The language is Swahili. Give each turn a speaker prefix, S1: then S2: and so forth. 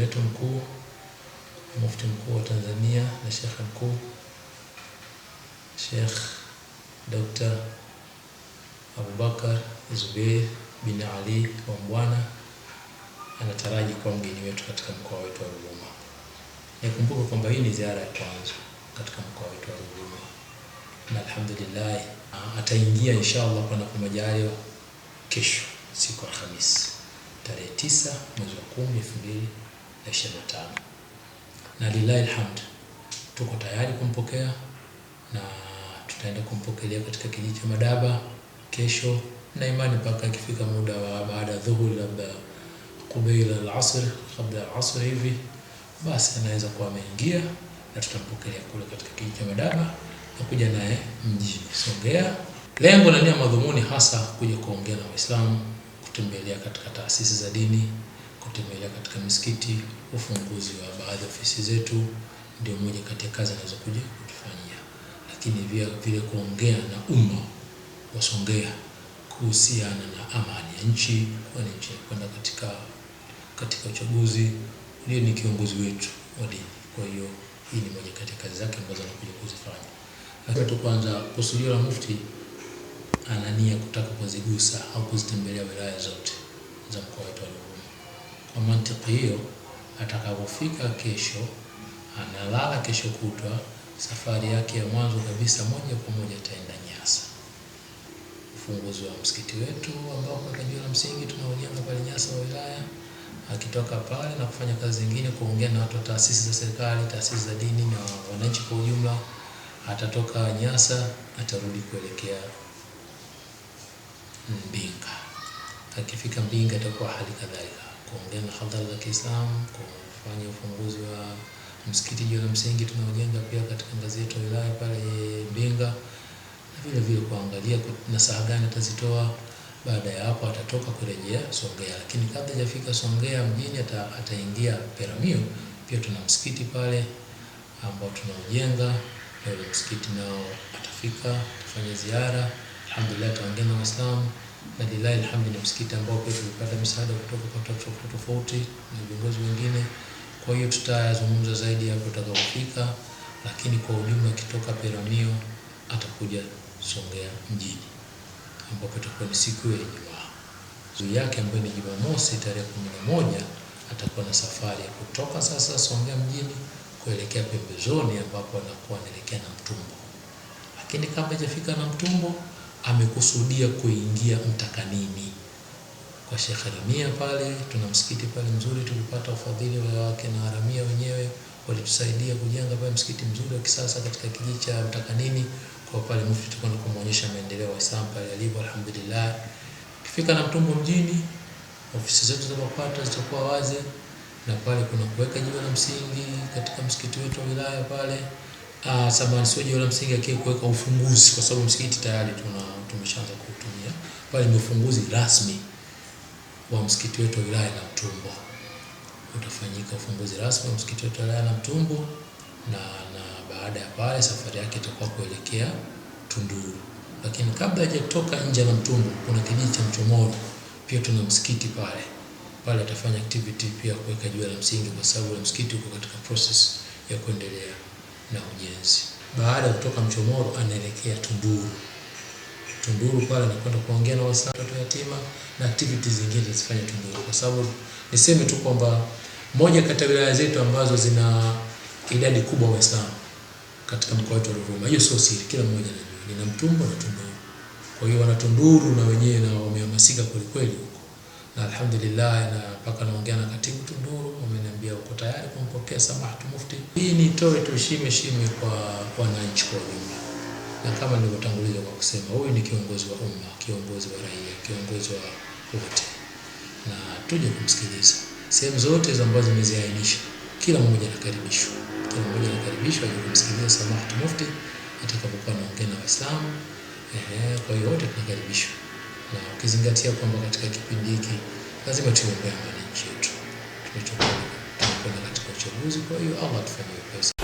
S1: wetu mkuu, mufti mkuu wa Tanzania na Sheikh mkuu Sheikh Dr. Abubakar Zubeir bin Ali wa Mbwana anataraji kuwa mgeni wetu katika mkoa wetu wa Ruvuma. Nikumbuke kwamba hii ni ziara ya kwanza katika mkoa wetu wa Ruvuma, na alhamdulillah ataingia inshallah, panapo majaliwa, kesho siku ya Alhamisi tarehe 9 mwezi wa 10 2000 2025. Na lillahi alhamd, tuko tayari kumpokea na tutaenda kumpokelea katika kijiji cha Madaba kesho, na imani mpaka akifika muda wa baada ya dhuhuri, labda kubaila al-asr, kabla al-asr hivi, basi anaweza kuwa ameingia na tutampokelea kule katika kijiji cha Madaba na kuja naye mji Songea. Lengo na nia madhumuni hasa kuja kuongea na Waislamu, kutembelea katika taasisi za dini kutembelea katika misikiti, ufunguzi wa baadhi ya ofisi zetu, ndio moja kati ya kazi anazokuja kutufanyia, lakini vile vile kuongea na umma wasongea kuhusiana na amani ya nchi, kwani nchi kwenda katika katika uchaguzi. ndio ni kiongozi wetu wa dini, kwa hiyo hii ni moja kati ya kazi zake ambazo anakuja kuzifanya. Lakini tu kwanza, kusudio la Mufti anania kutaka kuzigusa au kuzitembelea wilaya zote za mkoa wetu wa licha. Kwa hiyo atakapofika kesho, analala kesho kutwa, safari yake ya mwanzo kabisa moja kwa moja ataenda Nyasa. Ufunguzi wa msikiti wetu ambao kwa jua la msingi tunaojenga pale Nyasa wa wilaya, akitoka pale na kufanya kazi zingine, kuongea na watu wa taasisi za serikali, taasisi za dini na wananchi kwa ujumla, atatoka Nyasa atarudi kuelekea Mbinga. Akifika Mbinga itakuwa hali kadhalika kuongea na hadhara za Kiislamu, kufanya ufunguzi wa msikiti jiwe ya msingi tunaojenga pia katika ngazi yetu ya wilaya pale Mbinga, na vile vile kuangalia saa gani atazitoa. Baada ya hapo atatoka kurejea Songea, lakini kabla hajafika Songea mjini ata, ataingia Peramio. Pia tuna msikiti pale ambao tunaujenga na ule msikiti nao atafika, atafanya ziara, alhamdulillah, ataongea na Waislamu na lilahi alhamdu, ni msikiti ambao pia tulipata misaada kutoka kwa taasisi tofauti na viongozi wengine. Kwa hiyo tutazungumza zaidi hapo tutakapofika, lakini kwa ujumla kitoka Peramio atakuja Songea mjini ambapo itakuwa ni siku ya Ijumaa juu yake ambayo ni Jumamosi tarehe kumi na moja atakuwa na safari ya kutoka sasa Songea mjini kuelekea pembezoni ambapo anakuwa anaelekea na Mtumbo, lakini kabla hajafika na Mtumbo amekusudia kuingia mtakanini. Kwa Sheikh Aramia pale tuna msikiti pale mzuri, tulipata ufadhili wa wake na Aramia wenyewe walitusaidia kujenga pale msikiti mzuri wa kisasa katika kijiji cha Mtakanini. Kwa pale mufti tulikuwa kumuonyesha maendeleo ya Islam pale alivyo, alhamdulillah. Kifika na Mtumbo mjini, ofisi zetu za mapato zitakuwa wazi, na pale kuna kuweka jiwe la msingi katika msikiti wetu wa wilaya pale. Uh, sababu siwaje la msingi yake kuweka ufunguzi kwa sababu msikiti tayari tuna tumeshaanza kutumia Pale ni ufunguzi rasmi wa msikiti wetu wa wilaya ya Mtumbo Utafanyika ufunguzi rasmi wa msikiti wetu wa wilaya ya Mtumbo na na baada ya pale safari yake itakuwa kuelekea Tunduru. Lakini kabla hajatoka nje na Mtumbo, kuna kijiji cha Mchomoro pia tuna msikiti pale. Pale atafanya activity pia kuweka jiwe la msingi kwa sababu msikiti uko katika process ya kuendelea na ujenzi. Baada ya kutoka Mchomoro anaelekea Tunduru. Tunduru pale anakwenda kuongea na watoto yatima na activities zingine zifanye Tunduru, kwa sababu niseme tu kwamba moja kati ya wilaya zetu ambazo zina idadi kubwa ya Waislamu katika mkoa wetu wa Ruvuma. Hiyo sio siri, kila mmoja anajua. Nina Mtumbo na Tunduru. Kwa hiyo wana Tunduru na wenyewe na wamehamasika kweli na alhamdulillah, na mpaka naongea na katibu Tunduru, wameniambia uko tayari kumpokea Samahatu Mufti. Hii nitoe tu shime heshima kwa wananchi kwa ujumla, na kama nilivyotanguliza kwa kusema, huyu ni kiongozi wa umma, kiongozi wa raia, kiongozi wa wote, na tuje kumsikiliza sehemu zote ambazo zimeziainisha. Kila mmoja anakaribishwa, kila mmoja anakaribishwa aje kumsikiliza Samahatu Mufti atakapokuwa anaongea na Waislamu. Kwa hiyo wote tunakaribishwa na ukizingatia kwamba katika kipindi hiki lazima tuombe amani nchi yetu tunachokwenda katika uchaguzi. Kwa hiyo Allah atufanyie pesa.